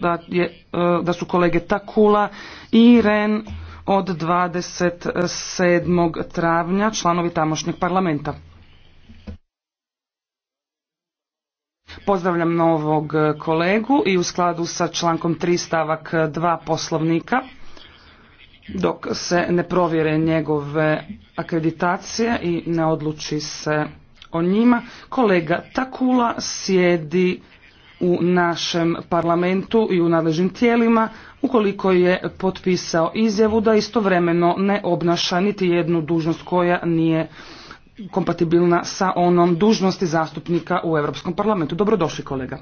da, e, da su kolege Takula i Ren od 27. travnja članovi tamošnjeg parlamenta. Pozdravljam novog kolegu i u skladu sa člankom 3 stavak 2 poslovnika dok se ne provjere njegove akreditacije i ne odluči se o njima, kolega Takula sjedi u našem parlamentu i u nadležnim tijelima ukoliko je potpisao izjavu da istovremeno ne obnaša niti jednu dužnost koja nije kompatibilna sa onom dužnosti zastupnika u Europskom parlamentu. Dobrodošli kolega.